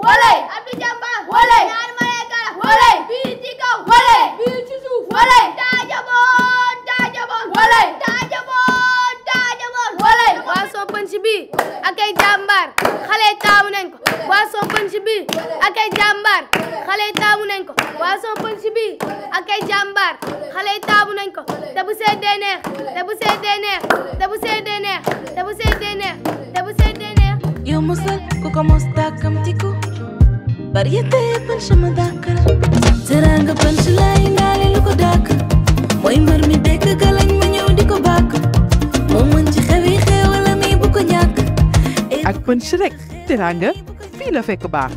wale Abdou Jamba wale ñaari mare kala wale bii ci kaw wale bii ci suuf wale taajaboon taajaboon wale taajaboon taajaboon wale boisson punch bi ak ay jàmbaar xale taamu nañ ko boisson punch bi ak ay jàmbaar xale taamu nañ ko boisson punch bi ak ay jàmbaar xale taamu nañ ko te bu seddee neex te bu seddee neex te bu seddee neex te bu seddee neex te bu seddee neex yow mosal ku ko mos tàkkam tiku variété man sama dàkkal teranga pan si laay ndaale lu ko dàkk mooy mbër mi dekk ma ñëw di ko bàkk moo mën ci xew yi mi bu ko ñàkk ak pan si rek teranga fii la fekk baax